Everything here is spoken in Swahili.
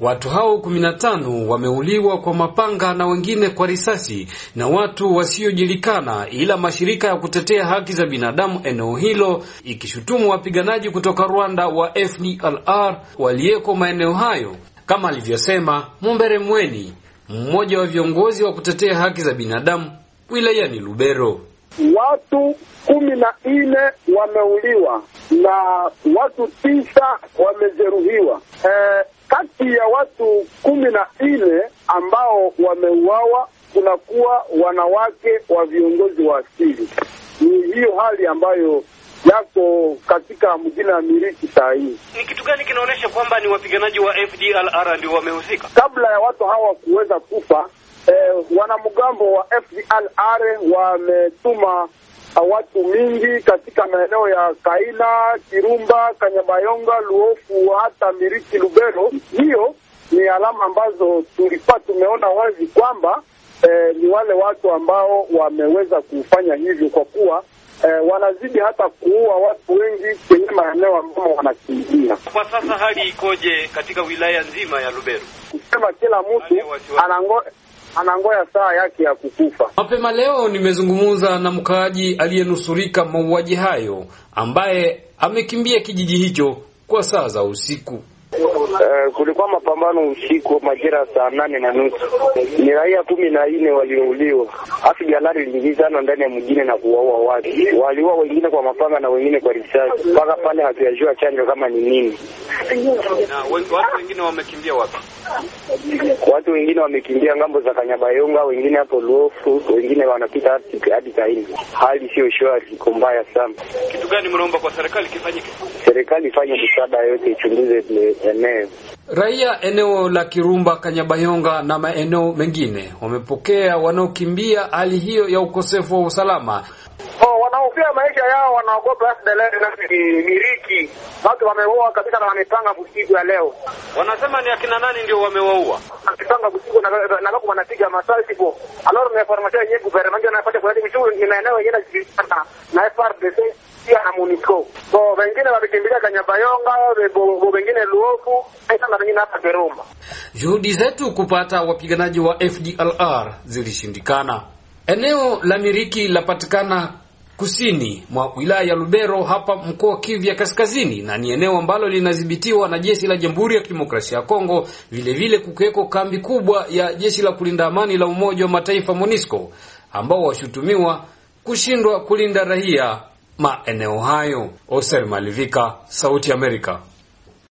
Watu hao 15 wameuliwa kwa mapanga na wengine kwa risasi na watu wasiojulikana, ila mashirika ya kutetea haki za binadamu eneo hilo ikishutumu wapiganaji kutoka Rwanda wa FDLR waliyeko maeneo hayo, kama alivyosema Mumbere Mweni, mmoja wa viongozi wa kutetea haki za binadamu wilayani Lubero. Watu kumi na nne wameuliwa na watu tisa wamejeruhiwa. E, kati ya watu kumi na nne ambao wameuawa kunakuwa wanawake wa viongozi wa asili. Ni hiyo hali ambayo yako katika mjini ya Miriki saa hii. Ni kitu gani kinaonyesha kwamba ni wapiganaji wa FDLR ndio wamehusika? Kabla ya watu hawa kuweza kufa, eh, wanamgambo wa FDLR wametuma watu mingi katika maeneo ya Kaina, Kirumba, Kanyabayonga, Luofu hata Miriki, Lubero. Hiyo ni alama ambazo tulikuwa tumeona wazi kwamba eh, ni wale watu ambao wameweza kufanya hivyo kwa kuwa Eh, wanazidi hata kuua watu wengi kwenye maeneo ambamo wanakimbia. Kwa sasa hali ikoje katika wilaya nzima ya Lubero? Kusema kila mtu anango anangoya saa yake ya kukufa. Mapema leo nimezungumza na mkaaji aliyenusurika mauaji hayo ambaye amekimbia kijiji hicho kwa saa za usiku. Uh, kulikuwa mapambano usiku majira saa nane na nusu. Ni raia kumi na nne waliouliwa, afu jalari liliingizana ndani ya mwingine na kuwaua watu. Waliua wengine kwa mapanga na wengine kwa risasi, mpaka pale hatuyajua chanjo kama ni nini. Na watu wengine wamekimbia wapi? Watu wengine wamekimbia ngambo za Kanyabayonga, wengine hapo Luofu, wengine wanapita hadi Kaini. Hali sio shwari, iko mbaya sana. Kitu gani mnaomba kwa serikali kifanyike? Serikali ifanye misaada yote, ichunguze eneo. Raia eneo la Kirumba, Kanyabayonga na maeneo mengine wamepokea wanaokimbia hali hiyo ya ukosefu wa usalama oh wanaofia maisha yao, wanaogopa hasa na miriki. Watu wameoa kabisa na wamepanga usiku ya leo. Wanasema ni akina nani ndio wamewaua? Akipanga usiku na na wako wanapiga masasi kwa. Alors na information yenyewe government anapata kwa kitu ni maeneo yenyewe na na FRDC pia na MONUSCO. So wengine wamekimbilia Kanyabayonga, wengine Luofu, hata na wengine hapa Beroma. Juhudi zetu kupata wapiganaji wa FDLR zilishindikana. Eneo la Miriki lapatikana kusini mwa wilaya ya Lubero hapa mkoa Kivu ya Kaskazini, na ni eneo ambalo linadhibitiwa na jeshi la Jamhuri ya Kidemokrasia ya Kongo. Vilevile kukiweko kambi kubwa ya jeshi la kulinda amani la Umoja wa Mataifa MONUSCO ambao washutumiwa kushindwa kulinda raia maeneo hayo. Oser Malivika, Sauti Amerika.